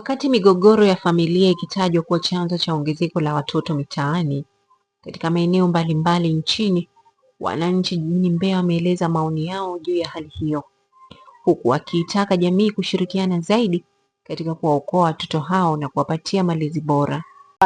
Wakati migogoro ya familia ikitajwa kuwa chanzo cha ongezeko la watoto mitaani katika maeneo mbalimbali nchini, wananchi jijini Mbeya wameeleza maoni yao juu ya hali hiyo, huku wakiitaka jamii kushirikiana zaidi katika kuwaokoa watoto hao na kuwapatia malezi bora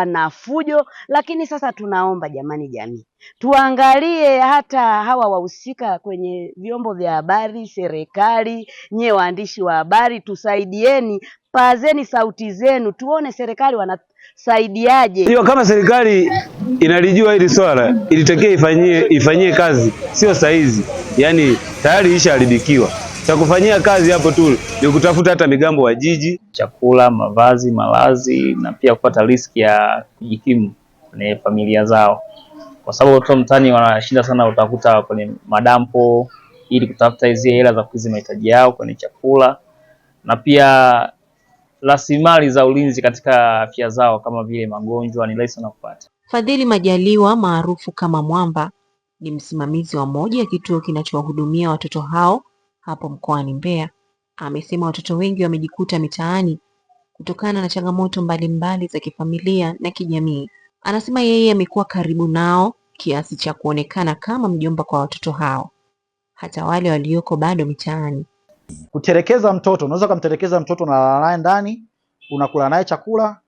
na fujo. Lakini sasa tunaomba jamani, jamii tuangalie hata hawa wahusika kwenye vyombo vya habari, serikali, nyie waandishi wa habari, tusaidieni, pazeni sauti zenu, tuone serikali wanasaidiaje. Hiyo kama serikali inalijua hili swala, ilitakiwa ifanyie ifanyie kazi, sio saizi. yani tayari ishaharibikiwa cha kufanyia kazi hapo tu ni kutafuta hata migambo wa jiji, chakula, mavazi, malazi na pia kupata riski ya kujikimu kwenye familia zao, kwa sababu watoto mtaani wanashinda sana, utakuta kwenye madampo ili kutafuta hizi hela za kukidhi mahitaji yao kwenye chakula na pia rasilimali za ulinzi katika afya zao kama vile magonjwa ni rahisi sana kupata. Fadhili Majaliwa maarufu kama Mwamba ni msimamizi wa moja ya kituo kinachowahudumia watoto hao hapo mkoani Mbeya ah, amesema watoto wengi wamejikuta mitaani kutokana na changamoto mbalimbali za kifamilia na kijamii. Anasema yeye amekuwa karibu nao kiasi cha kuonekana kama mjomba kwa watoto hao, hata wale walioko bado mitaani. Kutelekeza mtoto, unaweza ukamtelekeza mtoto, unalala naye ndani, unakula naye chakula,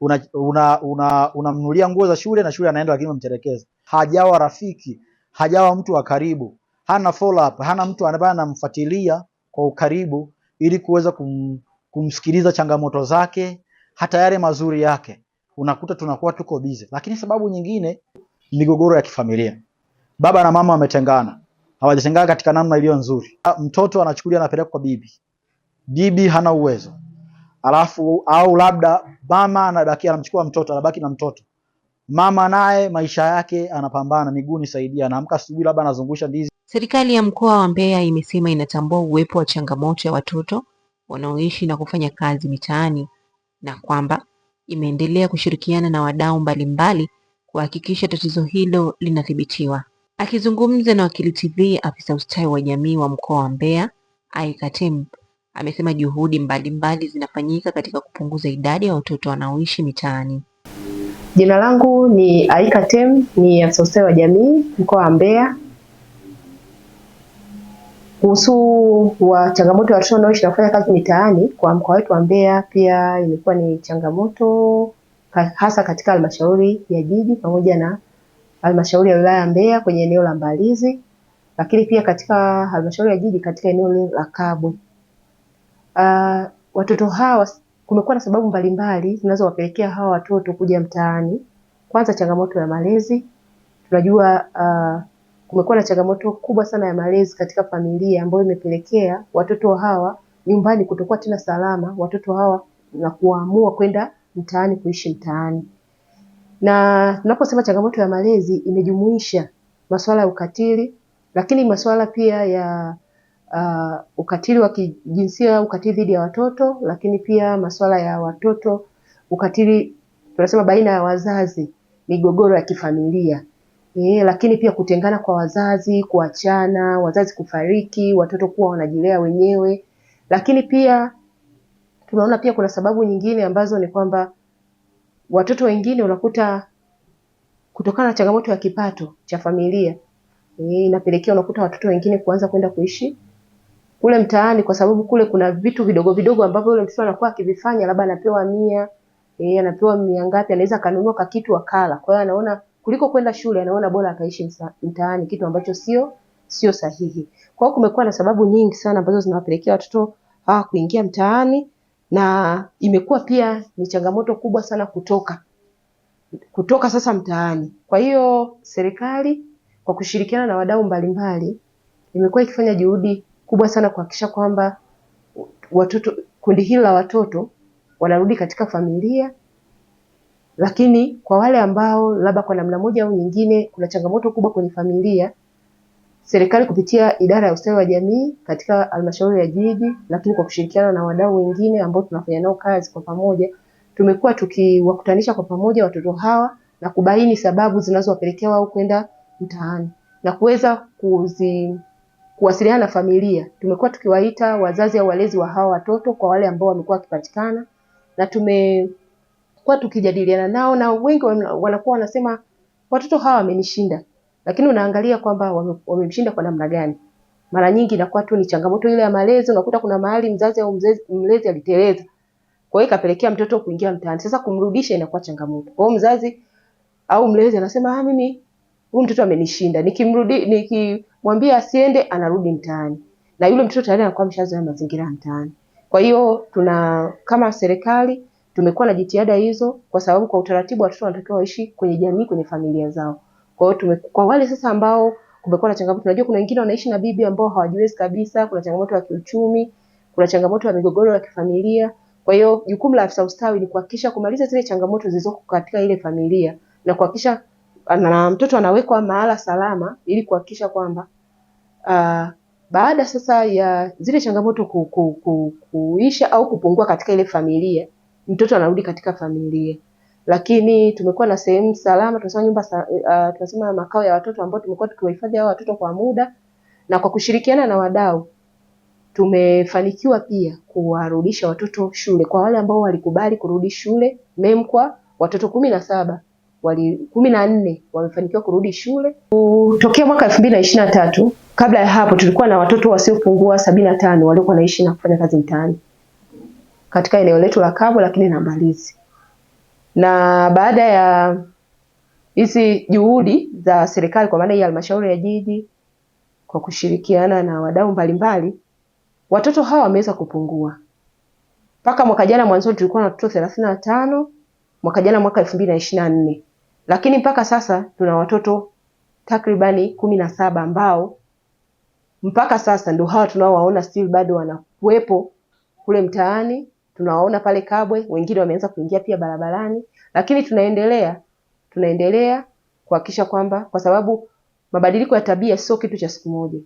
unamnulia una, una nguo za shule na shule anaenda, lakini umemtelekeza. Hajawa rafiki, hajawa mtu wa karibu hana follow up, hana mtu ambaye anamfuatilia kwa ukaribu ili kuweza kum, kumsikiliza changamoto zake, hata yale mazuri yake, unakuta tunakuwa tuko busy. Lakini sababu nyingine, migogoro ya kifamilia, baba na mama wametengana, hawajatengana katika namna iliyo nzuri, ah, mtoto anachukuliwa anapelekwa kwa bibi, bibi hana uwezo alafu au labda mama anabaki anamchukua mtoto, anabaki na mtoto. Mama naye maisha yake anapambana, miguu nisaidia, anaamka asubuhi, labda anazungusha ndizi. Serikali ya mkoa wa Mbeya imesema inatambua uwepo wa changamoto ya watoto wanaoishi na kufanya kazi mitaani na kwamba imeendelea kushirikiana na wadau mbalimbali kuhakikisha tatizo hilo linadhibitiwa. Akizungumza na Wakili TV, afisa ustawi wa jamii wa mkoa wa Mbeya, Aikatem, amesema juhudi mbalimbali mbali zinafanyika katika kupunguza idadi ya watoto wanaoishi mitaani. Jina langu ni Aikatem, ni afisa ustawi wa jamii mkoa wa Mbeya. Kuhusu wa changamoto ya watoto wanaoishi na kufanya kazi mitaani, kwa mkoa wetu wa Mbeya pia imekuwa ni changamoto hasa katika halmashauri ya jiji pamoja na halmashauri ya wilaya ya Mbeya kwenye eneo la Mbalizi, lakini pia katika halmashauri ya jiji katika eneo la Kabwe. Uh, watoto hawa kumekuwa na sababu mbalimbali zinazowapelekea hawa watoto kuja mtaani. Kwanza changamoto ya malezi tunajua uh, kumekuwa na changamoto kubwa sana ya malezi katika familia ambayo imepelekea watoto hawa nyumbani kutokuwa tena salama, watoto hawa na kuamua kwenda mtaani kuishi mtaani. Na tunaposema changamoto ya malezi imejumuisha masuala ya ukatili, lakini masuala pia ya uh, ukatili wa kijinsia, ukatili dhidi ya watoto, lakini pia masuala ya watoto, ukatili tunasema baina ya wazazi, migogoro ya kifamilia. E, lakini pia kutengana kwa wazazi, kuachana, wazazi kufariki, watoto kuwa wanajilea wenyewe. Lakini pia tunaona pia kuna sababu nyingine ambazo ni kwamba watoto wengine unakuta kutokana na changamoto ya kipato cha familia e, inapelekea unakuta watoto wengine kuanza kwenda kuishi kule mtaani, kwa sababu kule kuna vitu vidogo vidogo ambavyo yule mtoto anakuwa akivifanya, labda anapewa mia e, anapewa mia ngapi, anaweza akanunua kakitu akala. Kwa hiyo anaona kuliko kwenda shule, anaona bora akaishi mtaani, kitu ambacho sio sio sahihi. Kwa hiyo kumekuwa na sababu nyingi sana ambazo zinawapelekea watoto hawa kuingia mtaani, na imekuwa pia ni changamoto kubwa sana kutoka kutoka sasa mtaani. Kwa hiyo serikali kwa kushirikiana na wadau mbalimbali imekuwa ikifanya juhudi kubwa sana kuhakikisha kwamba watoto kundi hili la watoto wanarudi katika familia lakini kwa wale ambao labda kwa namna moja au nyingine kuna changamoto kubwa kwenye familia, serikali kupitia idara ya ustawi wa jamii katika halmashauri ya jiji, lakini kwa kushirikiana na wadau wengine ambao tunafanya nao kazi kwa pamoja, tumekuwa tukiwakutanisha kwa pamoja watoto hawa na kubaini sababu zinazowapelekea wao kwenda mtaani na kuweza kuzi kuwasiliana na familia. Tumekuwa tukiwaita wazazi au walezi wa hawa watoto kwa wale ambao wamekuwa wakipatikana, na tume tumekuwa tukijadiliana nao na wengi wanakuwa wanasema watoto hawa wamenishinda, lakini unaangalia kwamba wamemshinda kwa namna gani. Mara nyingi inakuwa tu ni changamoto ile ya malezi. Unakuta kuna mahali mzazi au mlezi aliteleza, kwa hiyo ikapelekea mtoto kuingia mtaani. Sasa kumrudisha inakuwa changamoto. Kwa hiyo mzazi au mlezi anasema ah, mimi huyu mtoto amenishinda, nikimrudi nikimwambia asiende anarudi mtaani, na yule mtoto tayari anakuwa ameshazoea mazingira ya mtaani. Kwa hiyo tuna kama serikali tumekuwa na jitihada hizo, kwa sababu kwa utaratibu watoto wanatakiwa waishi kwenye jamii, kwenye familia zao. Kwa hiyo kwa wale sasa ambao kumekuwa na changamoto, unajua kuna wengine wanaishi na bibi ambao hawajiwezi kabisa, kuna changamoto ya kiuchumi, kuna changamoto ya migogoro ya kifamilia. Kwa hiyo jukumu la afisa ustawi ni kuhakikisha kumaliza zile changamoto zilizoko katika ile familia na kuhakikisha na mtoto anawekwa mahala salama ili kuhakikisha kwamba uh, baada sasa ya zile changamoto ku, ku, ku, kuisha au kupungua katika ile familia mtoto anarudi katika familia. Lakini tumekuwa na sehemu salama, tunasema nyumba uh, tunasema makao ya watoto ambao tumekuwa tukiwahifadhi hao watoto kwa muda, na kwa kushirikiana na wadau tumefanikiwa pia kuwarudisha watoto shule kwa wale ambao walikubali kurudi shule MEMKWA, watoto kumi na saba wali kumi na nne wamefanikiwa kurudi shule kutokea mwaka elfu mbili na ishirini na tatu. Kabla ya hapo tulikuwa na watoto wasiopungua sabini na tano waliokuwa naishi na kufanya kazi mtaani katika eneo letu la kavu lakini na malizi. Na baada ya hizi juhudi za serikali kwa maana ya halmashauri ya jiji kwa kushirikiana na wadau mbalimbali, watoto hawa wameweza kupungua mpaka mwaka jana mwanzoni tulikuwa na watoto 35, tano mwaka jana mwaka 2024. lakini mpaka sasa tuna watoto takribani kumi na saba ambao mpaka sasa ndio hawa tunaowaona still bado wanakuwepo kule mtaani tunawaona pale Kabwe, wengine wameanza kuingia pia barabarani, lakini tunaendelea tunaendelea kuhakikisha kwamba, kwa sababu mabadiliko ya tabia sio kitu cha siku moja,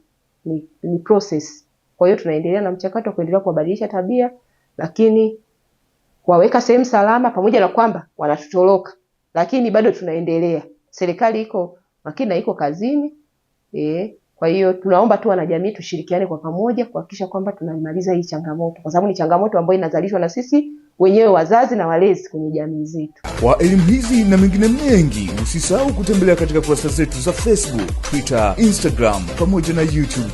ni, ni process. Kwa hiyo tunaendelea na mchakato wa kuendelea kuwabadilisha tabia, lakini kuwaweka sehemu salama, pamoja na kwamba wanatutoroka, lakini bado tunaendelea. Serikali iko makini, iko kazini eh kwa hiyo tunaomba tu wanajamii tushirikiane kwa pamoja kuhakikisha kwamba tunamaliza hii changamoto, kwa sababu ni changamoto ambayo inazalishwa na sisi wenyewe wazazi na walezi kwenye jamii zetu. Kwa elimu hizi na mengine mengi, usisahau kutembelea katika kurasa zetu za Facebook, Twitter, Instagram pamoja na YouTube.